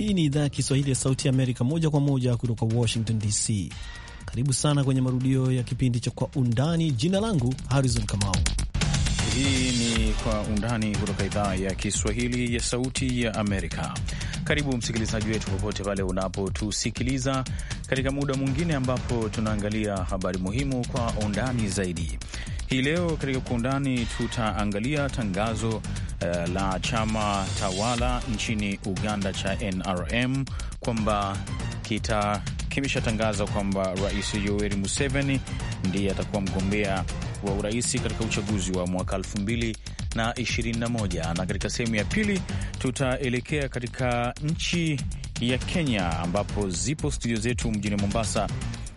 Hii ni idhaa ya Kiswahili ya Sauti ya Amerika, moja kwa moja kutoka Washington DC. Karibu sana kwenye marudio ya kipindi cha Kwa Undani. Jina langu Harrison Kamau. Hii ni Kwa Undani kutoka idhaa ya Kiswahili ya Sauti ya Amerika. Karibu msikilizaji wetu popote pale unapotusikiliza katika muda mwingine ambapo tunaangalia habari muhimu kwa undani zaidi. Hii leo katika Kwa Undani tutaangalia tangazo Eh, la chama tawala nchini Uganda cha NRM kwamba kita kimeshatangaza kwamba Rais Yoweri Museveni ndiye atakuwa mgombea wa uraisi katika uchaguzi wa mwaka 2021 na katika sehemu ya pili tutaelekea katika nchi ya Kenya ambapo zipo studio zetu mjini Mombasa.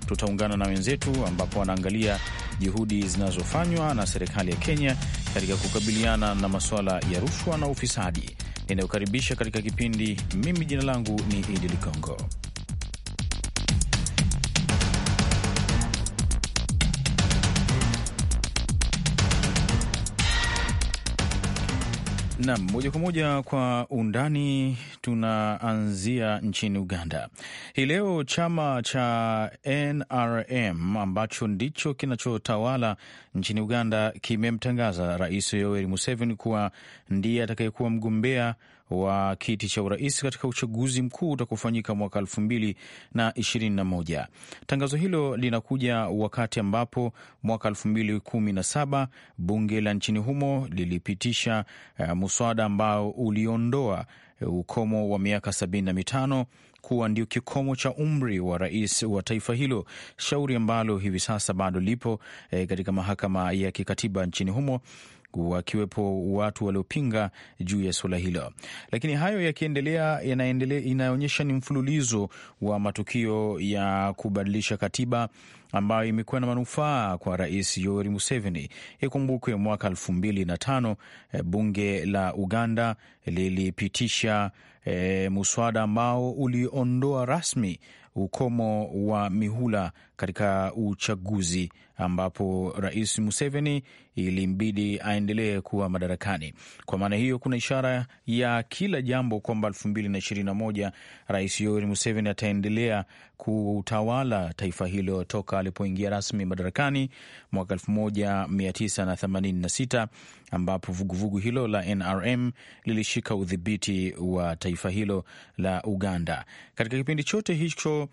Tutaungana na wenzetu ambapo wanaangalia juhudi zinazofanywa na serikali ya Kenya katika kukabiliana na masuala ya rushwa na ufisadi. Ninayokaribisha katika kipindi, mimi jina langu ni Idi Ligongo. Nam moja kwa moja kwa undani, tunaanzia nchini Uganda hii leo. Chama cha NRM ambacho ndicho kinachotawala nchini Uganda kimemtangaza Rais Yoweri Museveni kuwa ndiye atakayekuwa mgombea wa kiti cha urais katika uchaguzi mkuu utakofanyika mwaka elfu mbili na ishirini na moja. Tangazo hilo linakuja wakati ambapo mwaka elfu mbili kumi na saba bunge la nchini humo lilipitisha uh, muswada ambao uliondoa ukomo wa miaka sabini na mitano kuwa ndio kikomo cha umri wa rais wa taifa hilo, shauri ambalo hivi sasa bado lipo eh, katika mahakama ya kikatiba nchini humo wakiwepo watu waliopinga juu ya suala hilo. Lakini hayo yakiendelea, inaonyesha ni mfululizo wa matukio ya kubadilisha katiba ambayo imekuwa na manufaa kwa Rais Yoweri Museveni. Ikumbukwe mwaka elfu mbili na tano eh, bunge la Uganda lilipitisha e, muswada ambao uliondoa rasmi ukomo wa mihula katika uchaguzi ambapo Rais Museveni ilimbidi aendelee kuwa madarakani. Kwa maana hiyo, kuna ishara ya kila jambo kwamba elfu mbili na ishirini na moja Rais Yoweri Museveni ataendelea kutawala taifa hilo toka alipoingia rasmi madarakani mwaka 1986 ambapo vuguvugu hilo la NRM lilishika udhibiti wa taifa hilo la Uganda katika kipindi chote hicho.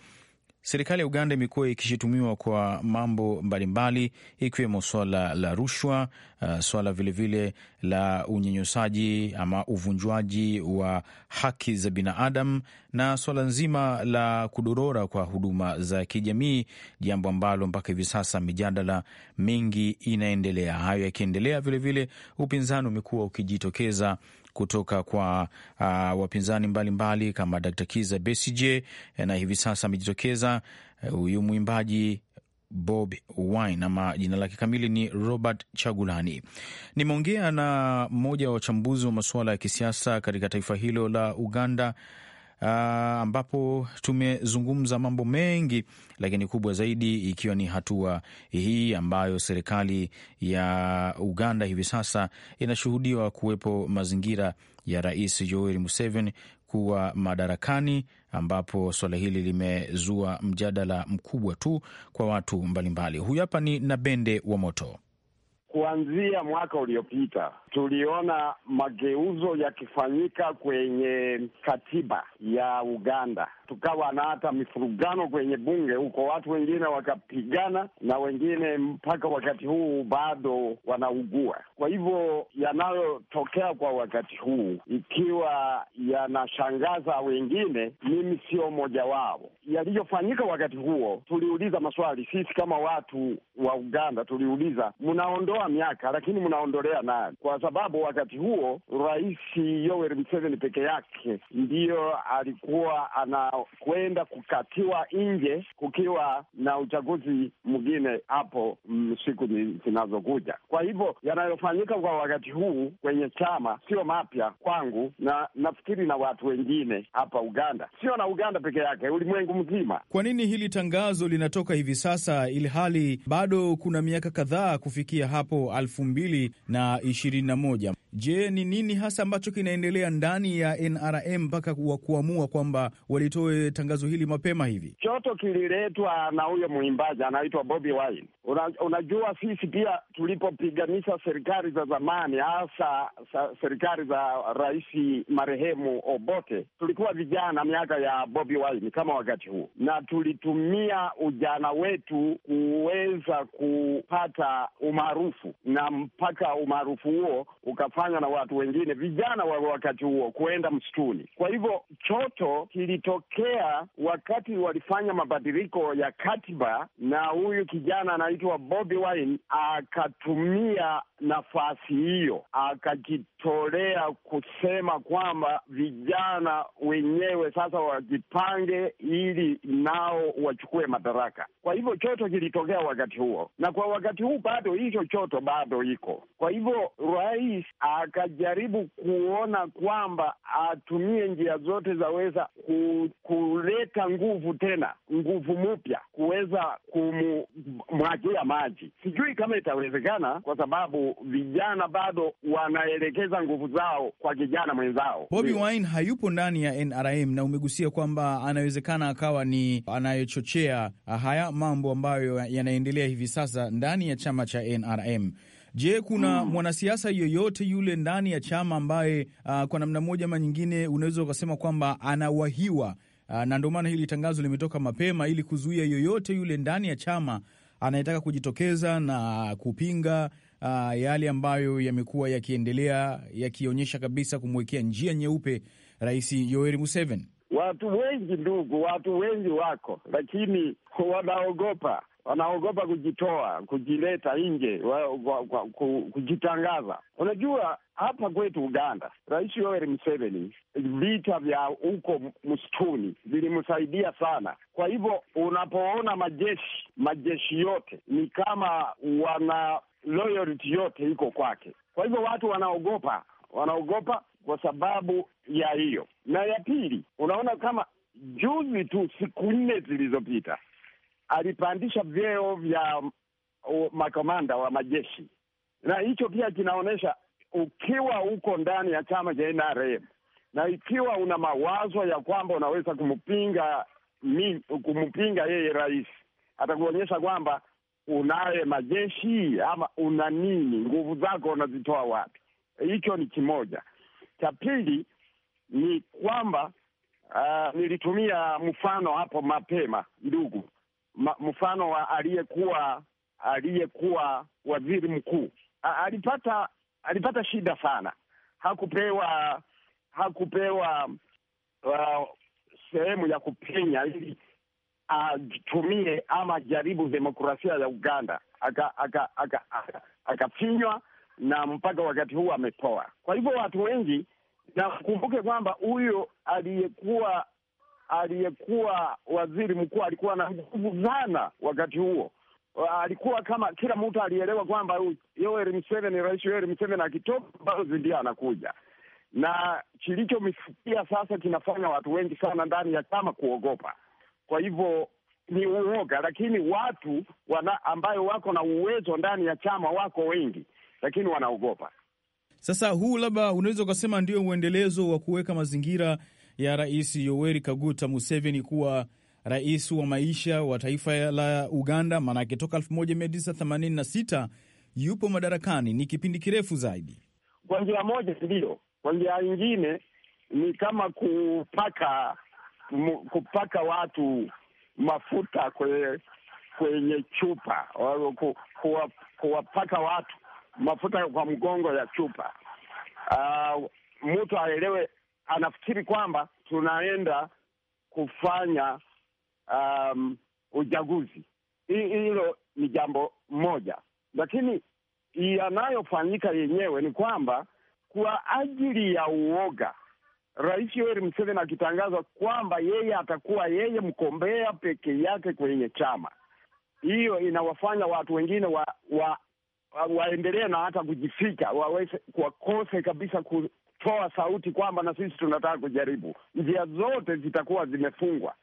Serikali ya Uganda imekuwa ikishutumiwa kwa mambo mbalimbali ikiwemo swala la rushwa, uh, swala vilevile la unyanyasaji ama uvunjwaji wa haki za binadamu na swala nzima la kudorora kwa huduma za kijamii, jambo ambalo mpaka hivi sasa mijadala mingi inaendelea. Hayo yakiendelea, vilevile upinzani umekuwa ukijitokeza kutoka kwa uh, wapinzani mbalimbali kama Dr. Kiza Besije eh, na hivi sasa amejitokeza eh, huyu uh, mwimbaji Bob Wine ama jina lake kamili ni Robert Chagulani. Nimeongea na mmoja wa wachambuzi wa masuala ya kisiasa katika taifa hilo la Uganda Ah, ambapo tumezungumza mambo mengi, lakini kubwa zaidi ikiwa ni hatua hii ambayo serikali ya Uganda hivi sasa inashuhudiwa kuwepo mazingira ya Rais Yoweri Museveni kuwa madarakani ambapo suala hili limezua mjadala mkubwa tu kwa watu mbalimbali. Huyu hapa ni Nabende wa Moto. Kuanzia mwaka uliopita tuliona mageuzo yakifanyika kwenye katiba ya Uganda, tukawa na hata mifurugano kwenye bunge huko, watu wengine wakapigana na wengine mpaka wakati huu bado wanaugua. Kwa hivyo yanayotokea kwa wakati huu, ikiwa yanashangaza wengine, mimi sio mmoja wao. Yaliyofanyika wakati huo, tuliuliza maswali sisi kama watu wa Uganda, tuliuliza mnaondoa mnaondoa miaka, lakini mnaondolea nani? Kwa sababu wakati huo Rais Yoweri Museveni peke yake ndiyo alikuwa anakwenda kukatiwa nje kukiwa na uchaguzi mwingine hapo mm, siku zinazokuja. Kwa hivyo yanayofanyika kwa wakati huu kwenye chama sio mapya kwangu, na nafikiri na watu wengine hapa Uganda, sio na Uganda peke yake, ulimwengu mzima. Kwa nini hili tangazo linatoka hivi sasa, ili hali bado kuna miaka kadhaa kufikia hapo hapo moja Je, ni nini hasa ambacho kinaendelea ndani ya NRM mpaka wa kuamua kwamba walitoe tangazo hili mapema hivi? Choto kililetwa na huyo mwimbaji anaitwa Bobi Wine. Una, unajua sisi pia tulipopiganisha serikali za zamani hasa serikali za rais marehemu Obote, tulikuwa vijana miaka ya Bobi Wine kama wakati huo, na tulitumia ujana wetu kuweza kupata umaarufu na mpaka umaarufu huo uka kufanywa na watu wengine, vijana wa wakati huo, kuenda msituni. Kwa hivyo choto kilitokea wakati walifanya mabadiliko ya katiba, na huyu kijana anaitwa Bobi Wine akatumia nafasi hiyo, akajitolea kusema kwamba vijana wenyewe sasa wajipange ili nao wachukue madaraka. Kwa hivyo choto kilitokea wakati huo, na kwa wakati huu bado hicho choto bado iko. Kwa hivyo rais akajaribu kuona kwamba atumie njia zote zaweza kuleta nguvu tena, nguvu mpya kuweza kumwagia maji. Sijui kama itawezekana, kwa sababu vijana bado wanaelekeza nguvu zao kwa kijana mwenzao. Bobi Wine hayupo ndani ya NRM na umegusia kwamba anawezekana akawa ni anayechochea haya mambo ambayo yanaendelea hivi sasa ndani ya chama cha NRM. Je, kuna mm, mwanasiasa yoyote yule ndani ya chama ambaye uh, kwa namna moja ama nyingine unaweza ukasema kwamba anawahiwa uh, na ndio maana hili tangazo limetoka mapema ili kuzuia yoyote yule ndani ya chama anayetaka kujitokeza na kupinga uh, yale ambayo yamekuwa yakiendelea yakionyesha kabisa kumwekea njia nyeupe Rais Yoweri Museveni? Watu wengi ndugu, watu wengi wako, lakini wanaogopa wanaogopa kujitoa, kujileta nje, kujitangaza. Unajua, hapa kwetu Uganda, Rais Yoweri Museveni, vita vya huko msituni vilimsaidia sana. Kwa hivyo unapoona majeshi majeshi yote ni kama wana loyalty yote iko kwake. Kwa hivyo watu wanaogopa, wanaogopa kwa sababu ya hiyo. Na ya pili, unaona kama juzi tu, siku nne zilizopita alipandisha vyeo vya makomanda wa majeshi, na hicho pia kinaonyesha ukiwa uko ndani ya chama cha NRM na ikiwa una mawazo ya kwamba unaweza kumpinga kumpinga yeye rais, atakuonyesha kwamba unaye majeshi ama una nini, nguvu zako unazitoa wapi? Hicho ni kimoja. Cha pili ni kwamba uh, nilitumia mfano hapo mapema, ndugu mfano wa aliyekuwa aliyekuwa waziri mkuu alipata alipata shida sana, hakupewa hakupewa uh, sehemu ya kupenya ili atumie uh, ama jaribu demokrasia ya Uganda, akafinywa aka, aka, aka, aka na mpaka wakati huu ametoa Kwa hivyo watu wengi na kumbuke kwamba huyo aliyekuwa aliyekuwa waziri mkuu alikuwa na nguvu sana wakati huo. Uh, alikuwa kama kila mtu alielewa kwamba Yoweri Museveni, rais Yoweri Museveni akitoka bado zindia anakuja, na kilichomfikia sasa kinafanya watu wengi sana ndani ya chama kuogopa. Kwa hivyo ni uoga, lakini watu wana, ambayo wako na uwezo ndani ya chama wako wengi, lakini wanaogopa. Sasa huu labda unaweza ukasema ndio uendelezo wa kuweka mazingira ya Rais Yoweri Kaguta Museveni kuwa rais wa maisha wa taifa la Uganda, maanake toka 1986 yupo madarakani, ni kipindi kirefu zaidi. Kwa njia moja ndiyo, kwa njia nyingine ni kama kupaka m, kupaka watu mafuta kwenye kwenye chupa ku, kuwa, kuwapaka watu mafuta kwa mgongo ya chupa. Uh, mtu aelewe anafikiri kwamba tunaenda kufanya um, uchaguzi. Hilo ni jambo moja, lakini yanayofanyika yenyewe ni kwamba kwa ajili ya uoga, Rais Yoweri Museveni akitangaza kwamba yeye atakuwa yeye mgombea peke yake kwenye chama, hiyo inawafanya watu wengine wa, wa waendelee na hata kujifika waweze wakose kabisa toa sauti kwamba na sisi tunataka kujaribu. Njia zote zitakuwa zimefungwa.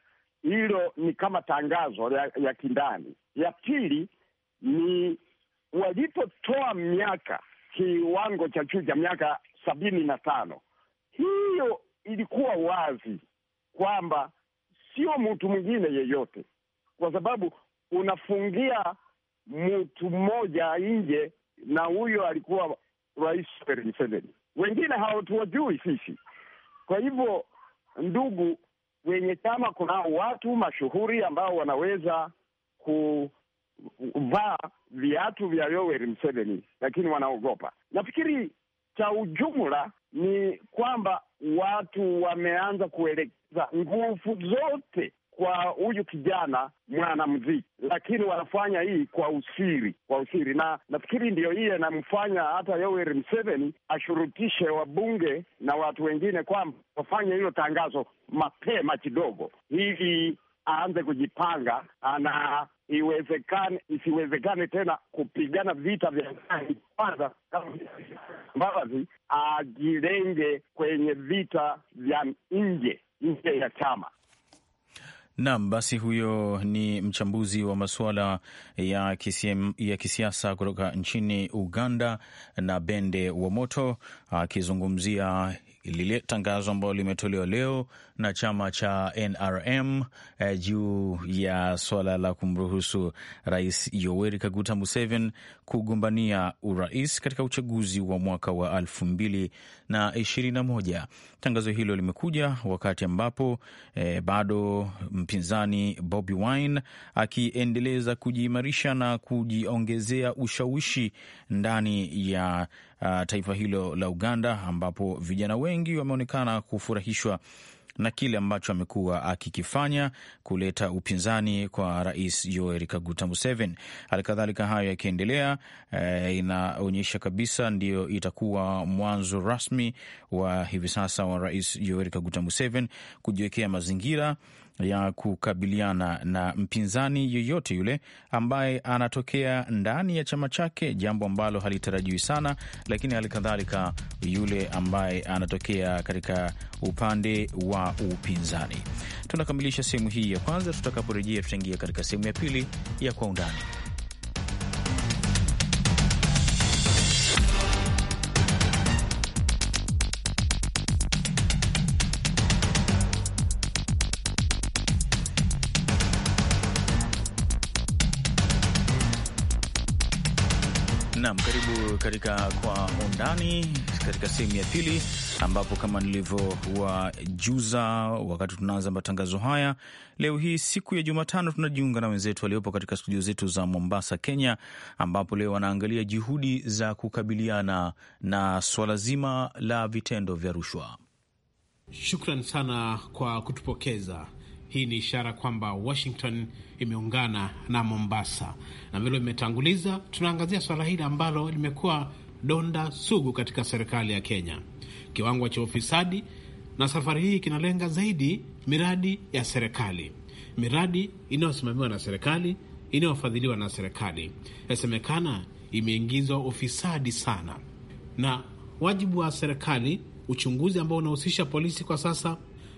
Hilo ni kama tangazo ya, ya kindani. Ya pili ni walipotoa miaka kiwango cha juu cha miaka sabini na tano, hiyo ilikuwa wazi kwamba sio mtu mwingine yeyote, kwa sababu unafungia mtu mmoja nje, na huyo alikuwa Rais Museveni wengine hawatuwajui sisi. Kwa hivyo, ndugu wenye chama, kunao watu mashuhuri ambao wanaweza kuvaa viatu vya Yoweri Museveni, lakini wanaogopa. Nafikiri cha ujumla ni kwamba watu wameanza kuelekeza nguvu zote kwa huyu kijana mwanamuziki, lakini wanafanya hii kwa usiri, kwa usiri, na nafikiri ndiyo hii inamfanya hata Yoweri Museveni ashurutishe wabunge na watu wengine kwamba wafanye hilo tangazo mapema kidogo, hivi aanze kujipanga na iwezekane isiwezekane tena kupigana vita vya ndani kwanza, kama Mbabazi ajilenge kwenye vita vya nje nje ya chama. Naam, basi huyo ni mchambuzi wa masuala ya, ya kisiasa kutoka nchini Uganda na Bende wa Moto akizungumzia lile tangazo ambalo limetolewa leo na chama cha NRM eh, juu ya swala la kumruhusu Rais Yoweri Kaguta Museveni kugombania urais katika uchaguzi wa mwaka wa elfu mbili na ishirini na moja. Tangazo hilo limekuja wakati ambapo eh, bado mpinzani Bobi Wine akiendeleza kujiimarisha na kujiongezea ushawishi ndani ya uh, taifa hilo la Uganda, ambapo vijana wengi wameonekana kufurahishwa na kile ambacho amekuwa akikifanya kuleta upinzani kwa Rais Yoweri Kaguta Museveni. Halikadhalika, hayo yakiendelea, e, inaonyesha kabisa ndiyo itakuwa mwanzo rasmi wa hivi sasa wa Rais Yoweri Kaguta Museveni kujiwekea mazingira ya kukabiliana na mpinzani yoyote yule ambaye anatokea ndani ya chama chake, jambo ambalo halitarajiwi sana, lakini hali kadhalika yule ambaye anatokea katika upande wa upinzani. Tunakamilisha sehemu hii ya kwanza. Tutakaporejea, tutaingia katika sehemu ya pili ya Kwa Undani. katika Kwa Undani, katika sehemu ya pili, ambapo kama nilivyowajuza wakati tunaanza matangazo haya leo hii siku ya Jumatano, tunajiunga na wenzetu waliopo katika studio zetu za Mombasa, Kenya, ambapo leo wanaangalia juhudi za kukabiliana na swala zima la vitendo vya rushwa. Shukran sana kwa kutupokeza. Hii ni ishara kwamba Washington imeungana na Mombasa, na vile imetanguliza, tunaangazia swala hili ambalo limekuwa donda sugu katika serikali ya Kenya, kiwango cha ufisadi, na safari hii kinalenga zaidi miradi ya serikali, miradi inayosimamiwa na serikali, inayofadhiliwa na serikali. Yasemekana imeingizwa ufisadi sana, na wajibu wa serikali, uchunguzi ambao unahusisha polisi kwa sasa,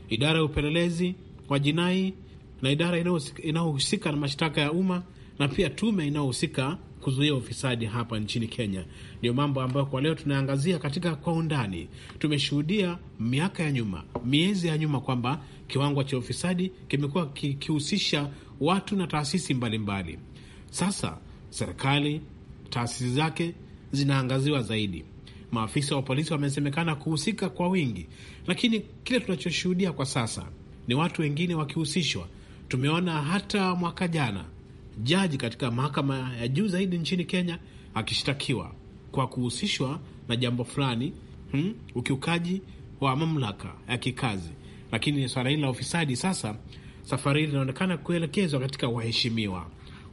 idara ya upelelezi wa jinai na idara inayohusika na mashtaka ya umma na pia tume inayohusika kuzuia ufisadi hapa nchini Kenya. Ndio mambo ambayo kwa leo tunaangazia katika kwa undani. Tumeshuhudia miaka ya nyuma, miezi ya nyuma, kwamba kiwango cha ufisadi kimekuwa kikihusisha watu na taasisi mbalimbali mbali. Sasa serikali, taasisi zake zinaangaziwa zaidi. Maafisa wa polisi wamesemekana kuhusika kwa wingi, lakini kile tunachoshuhudia kwa sasa ni watu wengine wakihusishwa. Tumeona hata mwaka jana jaji katika mahakama ya juu zaidi nchini Kenya akishtakiwa kwa kuhusishwa na jambo fulani hmm, ukiukaji wa mamlaka ya kikazi. Lakini swala hili la ufisadi sasa, safari hii linaonekana kuelekezwa katika waheshimiwa.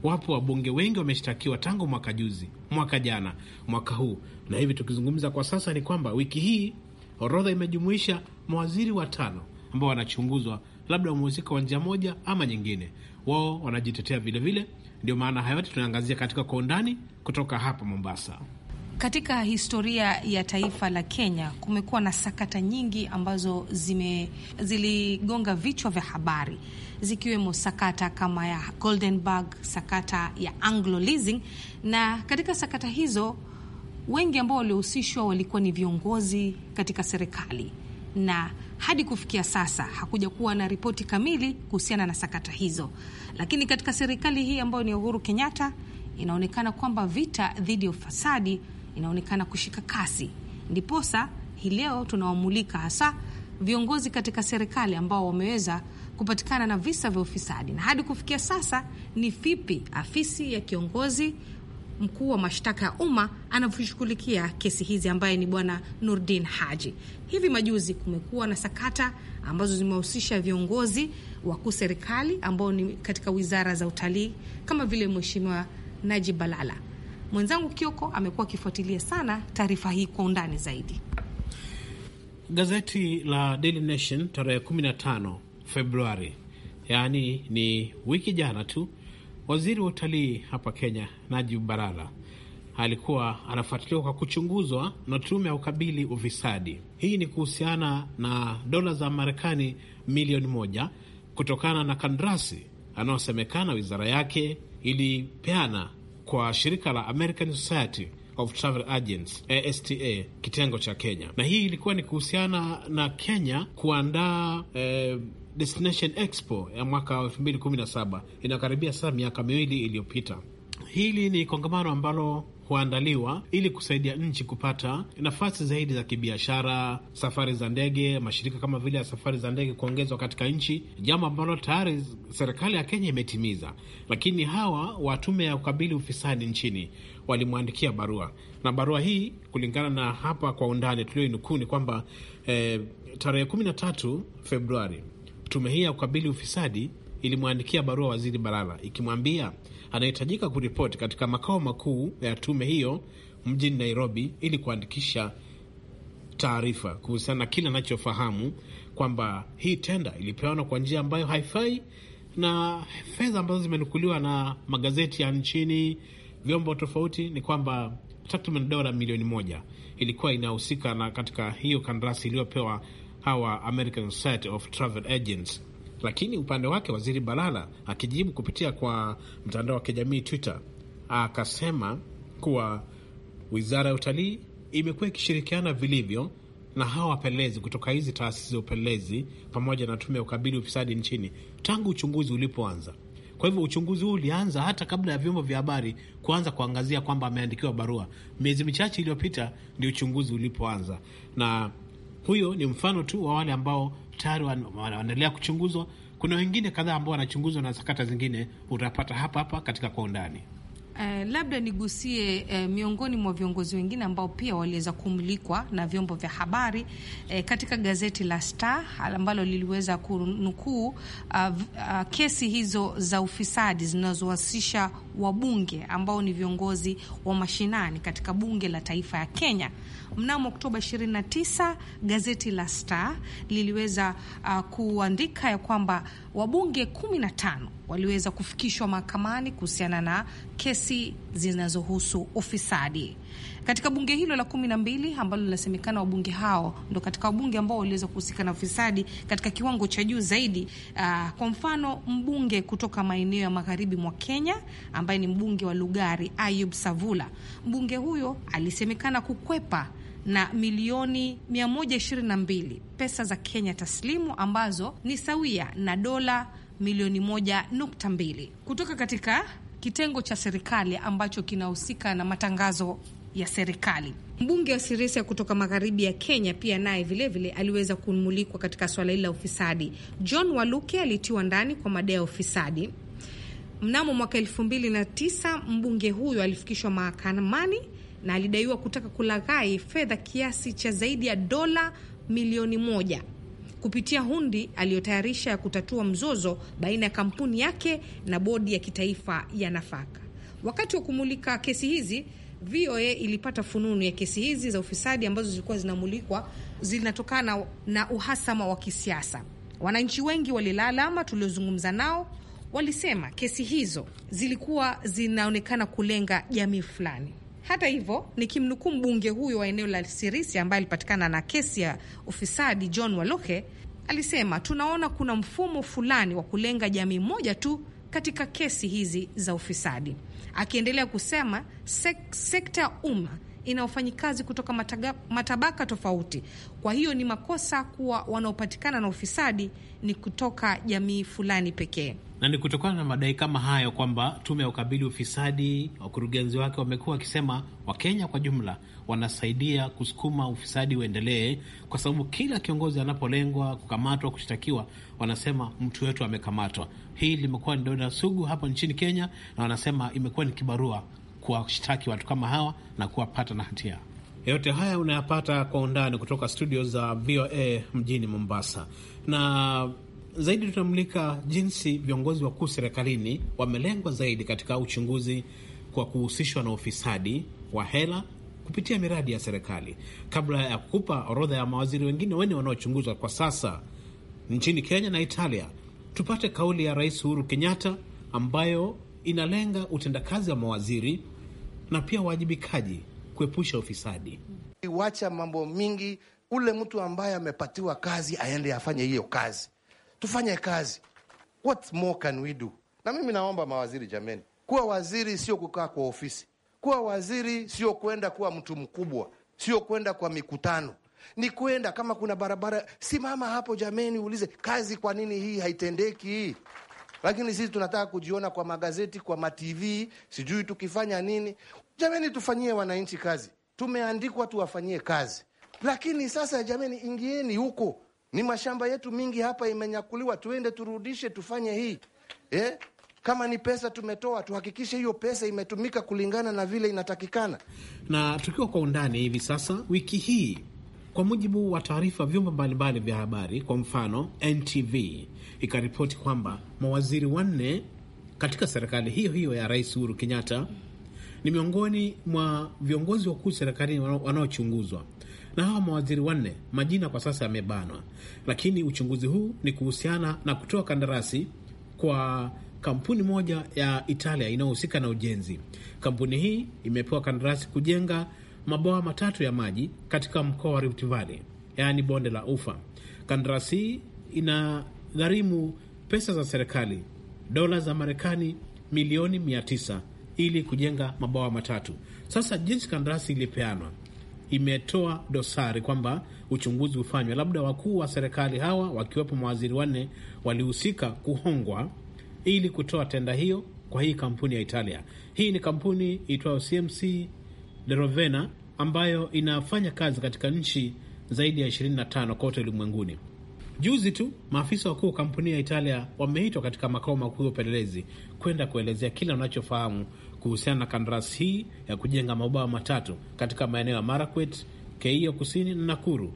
Wapo wabunge wengi wameshtakiwa tangu mwaka juzi, mwaka jana, mwaka huu, na hivi tukizungumza kwa sasa ni kwamba wiki hii orodha imejumuisha mawaziri watano ambao wanachunguzwa labda wamehusika kwa njia moja ama nyingine, wao wanajitetea vilevile. Ndio maana hayo yote tunaangazia katika kwa undani kutoka hapa Mombasa. Katika historia ya taifa la Kenya kumekuwa na sakata nyingi ambazo zime, ziligonga vichwa vya habari zikiwemo sakata kama ya Goldenberg, sakata ya Anglo Leasing, na katika sakata hizo wengi ambao waliohusishwa walikuwa ni viongozi katika serikali na hadi kufikia sasa hakuja kuwa na ripoti kamili kuhusiana na sakata hizo, lakini katika serikali hii ambayo ni Uhuru Kenyatta inaonekana kwamba vita dhidi ya ufisadi inaonekana kushika kasi, ndiposa hii leo tunawamulika hasa viongozi katika serikali ambao wameweza kupatikana na visa vya ufisadi, na hadi kufikia sasa ni vipi afisi ya kiongozi mkuu wa mashtaka ya umma anavyoshughulikia kesi hizi, ambaye ni bwana Nurdin Haji. Hivi majuzi kumekuwa na sakata ambazo zimehusisha viongozi wakuu serikali ambao ni katika wizara za utalii kama vile mheshimiwa Najib Balala. Mwenzangu Kioko amekuwa akifuatilia sana taarifa hii kwa undani zaidi. Gazeti la Daily Nation tarehe 15 Februari, yaani ni wiki jana tu, Waziri wa utalii hapa Kenya, Najib Balala, alikuwa anafuatiliwa kwa kuchunguzwa na tume ya ukabili ufisadi. Hii ni kuhusiana na dola za Marekani milioni moja kutokana na kandarasi anayosemekana wizara yake ilipeana kwa shirika la American Society of Travel Agents ASTA kitengo cha Kenya, na hii ilikuwa ni kuhusiana na Kenya kuandaa eh, Destination Expo ya mwaka 2017 inakaribia sasa miaka miwili iliyopita. Hili ni kongamano ambalo huandaliwa ili kusaidia nchi kupata nafasi zaidi za kibiashara, safari za ndege, mashirika kama vile ya safari za ndege kuongezwa katika nchi, jambo ambalo tayari serikali ya Kenya imetimiza. Lakini hawa wa tume ya kukabili ufisadi nchini walimwandikia barua, na barua hii kulingana na hapa kwa undani tulioinukuu ni kwamba eh, tarehe 13 Februari Tume hii ya kukabili ufisadi ilimwandikia barua Waziri Balala ikimwambia anahitajika kuripoti katika makao makuu ya tume hiyo mjini Nairobi ili kuandikisha taarifa kuhusiana na kile anachofahamu kwamba hii tenda ilipeanwa kwa njia ambayo haifai na fedha ambazo zimenukuliwa na magazeti ya nchini vyombo tofauti ni kwamba takriban dola milioni moja ilikuwa inahusika na katika hiyo kandarasi iliyopewa hawa American Society of Travel Agents. Lakini upande wake Waziri Balala akijibu kupitia kwa mtandao wa kijamii Twitter akasema kuwa wizara ya utalii imekuwa ikishirikiana vilivyo na hawa wapelelezi kutoka hizi taasisi za upelelezi pamoja na tume ya ukabili ufisadi nchini tangu uchunguzi ulipoanza. Kwa hivyo uchunguzi huu ulianza hata kabla ya vyombo vya habari kuanza kuangazia kwamba ameandikiwa barua. Miezi michache iliyopita ndio uchunguzi ulipoanza na huyo ni mfano tu wa wale ambao tayari wanaendelea kuchunguzwa. Kuna wengine kadhaa ambao wanachunguzwa na sakata zingine utapata hapa hapa katika kwa undani. Uh, labda nigusie uh, miongoni mwa viongozi wengine ambao pia waliweza kumulikwa na vyombo vya habari uh, katika gazeti la Star ambalo liliweza kunukuu uh, uh, kesi hizo za ufisadi zinazohusisha wabunge ambao ni viongozi wa mashinani katika bunge la taifa ya Kenya. Mnamo Oktoba 29 gazeti la Star liliweza uh, kuandika ya kwamba wabunge 15 waliweza kufikishwa mahakamani kuhusiana na kesi zinazohusu ufisadi katika bunge hilo la kumi na mbili ambalo linasemekana wabunge hao ndo katika wabunge ambao waliweza kuhusika na ufisadi katika kiwango cha juu zaidi. Uh, kwa mfano mbunge kutoka maeneo ya magharibi mwa Kenya ambaye ni mbunge wa Lugari Ayub Savula, mbunge huyo alisemekana kukwepa na milioni 122 pesa za Kenya taslimu ambazo ni sawia na dola milioni moja nukta mbili kutoka katika kitengo cha serikali ambacho kinahusika na matangazo ya serikali. Mbunge wa Sirisia kutoka magharibi ya Kenya pia naye vilevile aliweza kumulikwa katika swala hili la ufisadi. John Waluke alitiwa ndani kwa madai ya ufisadi. Mnamo mwaka elfu mbili na tisa mbunge huyo alifikishwa mahakamani na alidaiwa kutaka kulaghai fedha kiasi cha zaidi ya dola milioni moja kupitia hundi aliyotayarisha ya kutatua mzozo baina ya kampuni yake na bodi ya kitaifa ya nafaka. Wakati wa kumulika kesi hizi, VOA ilipata fununu ya kesi hizi za ufisadi ambazo zilikuwa zinamulikwa zinatokana na uhasama wa kisiasa. Wananchi wengi walilalama, tuliozungumza nao walisema kesi hizo zilikuwa zinaonekana kulenga jamii fulani. Hata hivyo, nikimnukuu mbunge huyo wa eneo la Sirisi ambaye alipatikana na kesi ya ufisadi John Waluhe alisema, tunaona kuna mfumo fulani wa kulenga jamii moja tu katika kesi hizi za ufisadi, akiendelea kusema sek sekta ya umma ina wafanyikazi kutoka mataga, matabaka tofauti. Kwa hiyo ni makosa kuwa wanaopatikana na ufisadi ni kutoka jamii fulani pekee na ni kutokana na madai kama hayo kwamba tume ya ukabili ufisadi, wakurugenzi wake wamekuwa wakisema Wakenya kwa jumla wanasaidia kusukuma ufisadi uendelee, kwa sababu kila kiongozi anapolengwa, kukamatwa, kushtakiwa, wanasema mtu wetu amekamatwa. Hii limekuwa ni donda sugu hapo nchini Kenya, na wanasema imekuwa ni kibarua kuwashtaki watu kama hawa na kuwapata na hatia yote haya unayapata kwa undani kutoka studio za VOA mjini Mombasa. Na zaidi tutamulika jinsi viongozi wakuu serikalini wamelengwa zaidi katika uchunguzi kwa kuhusishwa na ufisadi wa hela kupitia miradi ya serikali. Kabla ya kukupa orodha ya mawaziri wengine wene wanaochunguzwa kwa sasa nchini Kenya na Italia, tupate kauli ya Rais Uhuru Kenyatta ambayo inalenga utendakazi wa mawaziri na pia uwajibikaji kuepusha ufisadi. Iwacha mambo mingi, ule mtu ambaye amepatiwa kazi aende afanye hiyo kazi tufanye kazi. What more can we do? Na mimi naomba mawaziri jameni, kuwa waziri sio kukaa kwa ofisi, kuwa waziri sio kwenda kuwa mtu mkubwa, sio kwenda kwa mikutano, ni kwenda kama kuna barabara, simama hapo jameni, uulize kazi, kwa nini hii haitendeki hii lakini sisi tunataka kujiona kwa magazeti, kwa matv, sijui tukifanya nini. Jameni, tufanyie wananchi kazi. Tumeandikwa tuwafanyie kazi, lakini sasa jameni, ingieni huko ni mashamba yetu mingi hapa imenyakuliwa, tuende turudishe, tufanye hii eh? Kama ni pesa tumetoa, tuhakikishe hiyo pesa imetumika kulingana na vile inatakikana. Na tukiwa kwa undani hivi sasa, wiki hii, kwa mujibu wa taarifa vyombo mbalimbali vya habari, kwa mfano NTV ikaripoti kwamba mawaziri wanne katika serikali hiyo hiyo ya Rais Uhuru Kenyatta ni miongoni mwa viongozi wakuu serikalini wanaochunguzwa na hawa mawaziri wanne majina kwa sasa yamebanwa, lakini uchunguzi huu ni kuhusiana na kutoa kandarasi kwa kampuni moja ya Italia inayohusika na ujenzi. Kampuni hii imepewa kandarasi kujenga mabwawa matatu ya maji katika mkoa wa Rift Valley, yaani bonde la Ufa. Kandarasi hii ina gharimu pesa za serikali dola za Marekani milioni i9 ili kujenga mabwawa matatu. Sasa jinsi kandarasi ilipeanwa imetoa dosari kwamba uchunguzi ufanywe, labda wakuu wa serikali hawa wakiwepo mawaziri wanne walihusika kuhongwa ili kutoa tenda hiyo kwa hii kampuni ya Italia. Hii ni kampuni itwayo CMC De Rovena ambayo inafanya kazi katika nchi zaidi ya 25 kote ulimwenguni. Juzi tu maafisa wakuu wa kampuni ya Italia wameitwa katika makao makuu ya upelelezi kwenda kuelezea kile wanachofahamu kuhusiana na kandarasi hii ya kujenga mabwawa matatu katika maeneo ya Marakwet, Keio Kusini na Nakuru,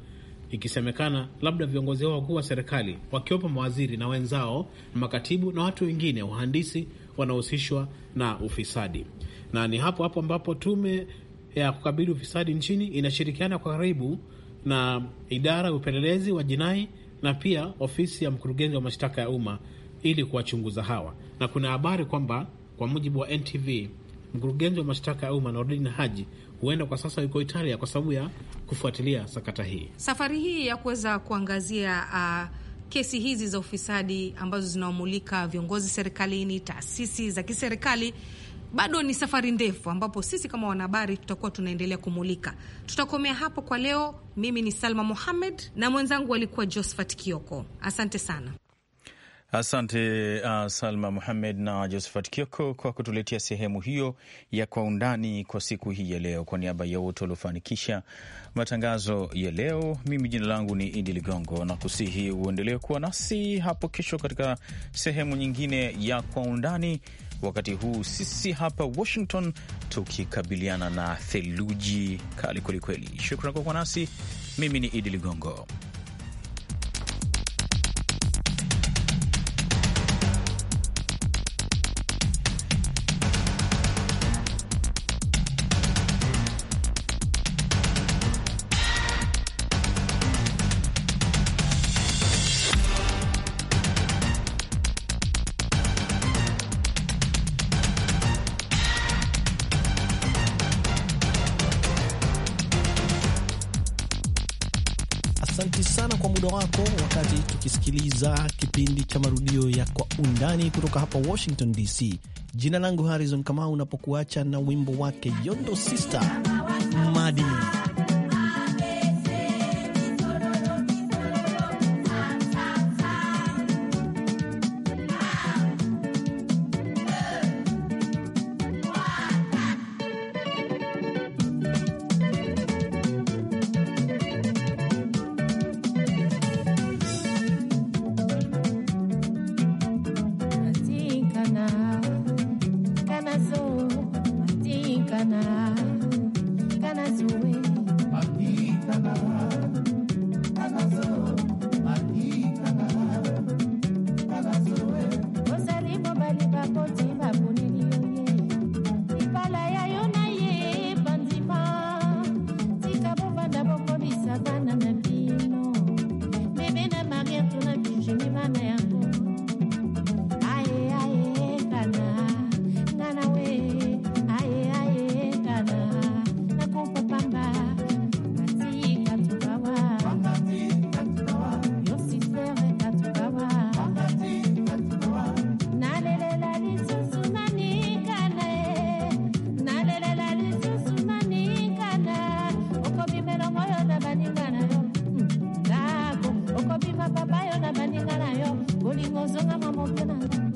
ikisemekana labda viongozi hao wakuu wa serikali wakiwepo mawaziri na wenzao, makatibu na watu wengine wahandisi wanahusishwa na ufisadi, na ni hapo hapo ambapo tume ya kukabili ufisadi nchini inashirikiana kwa karibu na idara ya upelelezi wa jinai na pia ofisi ya mkurugenzi wa mashtaka ya umma ili kuwachunguza hawa, na kuna habari kwamba kwa mujibu wa NTV Mkurugenzi wa mashtaka ya umma nordin Haji huenda kwa sasa yuko Italia kwa sababu ya kufuatilia sakata hii. Safari hii ya kuweza kuangazia uh, kesi hizi za ufisadi ambazo zinawamulika viongozi serikalini, taasisi za kiserikali bado ni safari ndefu, ambapo sisi kama wanahabari tutakuwa tunaendelea kumulika. Tutakomea hapo kwa leo. Mimi ni Salma Mohamed na mwenzangu alikuwa Josephat Kioko. Asante sana. Asante uh, Salma Muhamed na Josephat Kioko kwa kutuletea sehemu hiyo ya Kwa Undani kwa siku hii ya leo. Kwa niaba ya wote waliofanikisha matangazo ya leo, mimi jina langu ni Idi Ligongo na kusihi uendelee kuwa nasi hapo kesho katika sehemu nyingine ya Kwa Undani. Wakati huu sisi hapa Washington tukikabiliana na theluji kali kwelikweli. Shukran kwa kuwa nasi. Mimi ni Idi Ligongo. wako wakati tukisikiliza kipindi cha marudio ya Kwa Undani kutoka hapa Washington DC. Jina langu Harrison Kamau, unapokuacha na wimbo wake Yondo Sister Madini. Can I swim? tonight.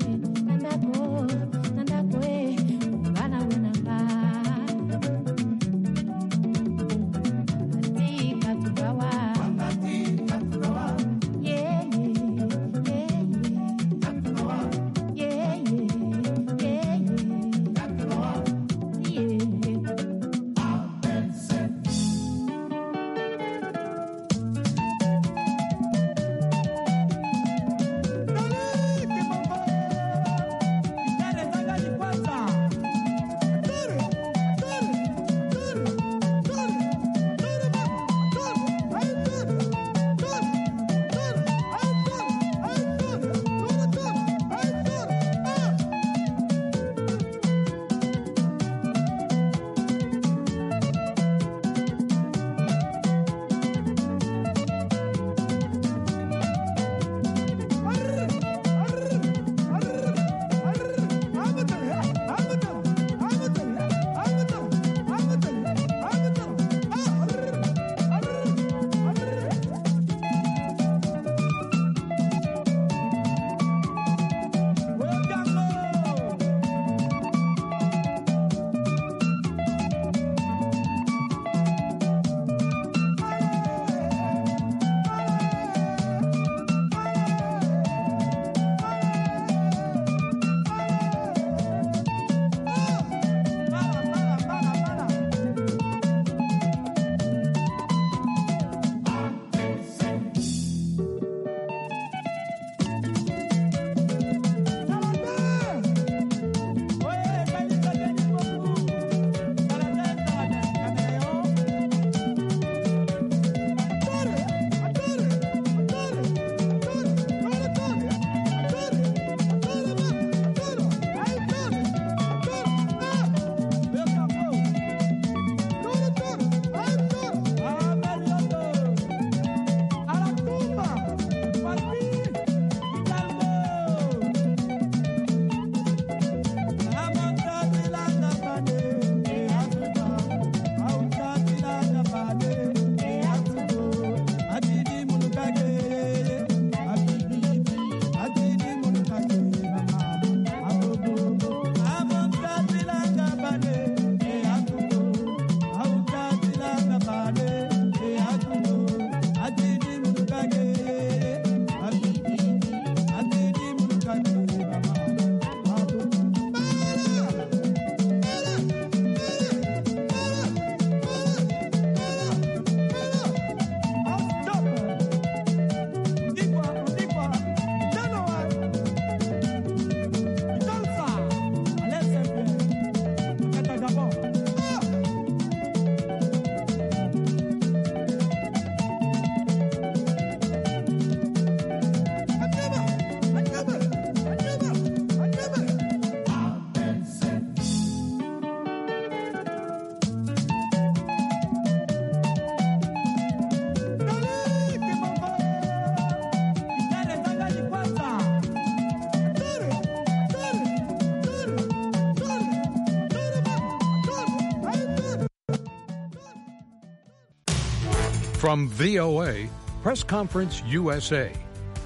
From VOA, Press Conference USA,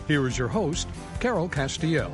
here is your host, Carol Castiel.